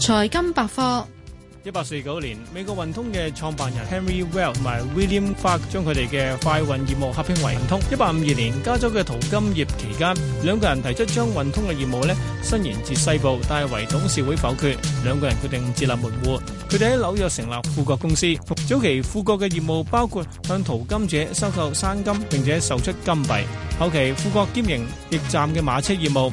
財金百科：一八四九年，美國運通嘅創辦人 Henry Wells 同埋 William Fargo 將佢哋嘅快運業務合併為運通。一八五二年，加州嘅淘金業期間，兩個人提出將運通嘅業務呢，伸延至西部，但係為董事會否決。兩個人決定自立門戶，佢哋喺紐約成立富國公司。早期富國嘅業務包括向淘金者收購生金，並且售出金幣。後期富國兼營驛站嘅馬車業務。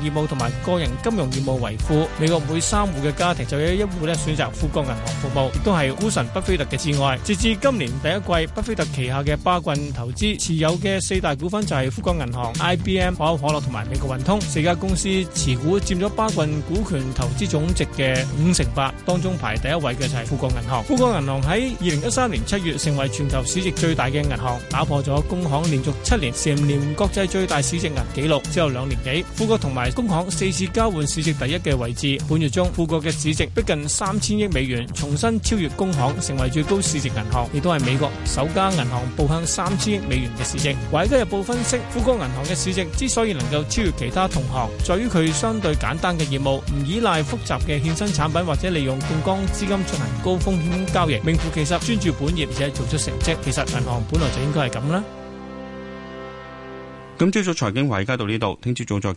業務同埋個人金融業務為富，美國每三戶嘅家庭就有一戶咧選擇富國銀行服務，亦都係股神畢菲特嘅摯愛。截至今年第一季，畢菲特旗下嘅巴郡投資持有嘅四大股份就係富國銀行、IBM、可口可樂同埋美國運通四家公司持股佔咗巴郡股權投資總值嘅五成八，當中排第一位嘅就係富國銀行。富國銀行喺二零一三年七月成為全球市值最大嘅銀行，打破咗工行連續七年蟬聯國際最大市值銀記錄之後兩年幾，富國同埋。工行四次交換市值第一嘅位置，本月中富國嘅市值逼近三千億美元，重新超越工行，成為最高市值銀行，亦都係美國首家銀行步向三千億美元嘅市值。華爾街日報分析，富國銀行嘅市值之所以能夠超越其他同行，在於佢相對簡單嘅業務，唔依賴複雜嘅衍生產品或者利用槓杆資金進行高風險交易，名副其實專注本業而且做出成績。其實銀行本來就應該係咁啦。咁朝、嗯、早財經華爾街到呢度，聽朝早再。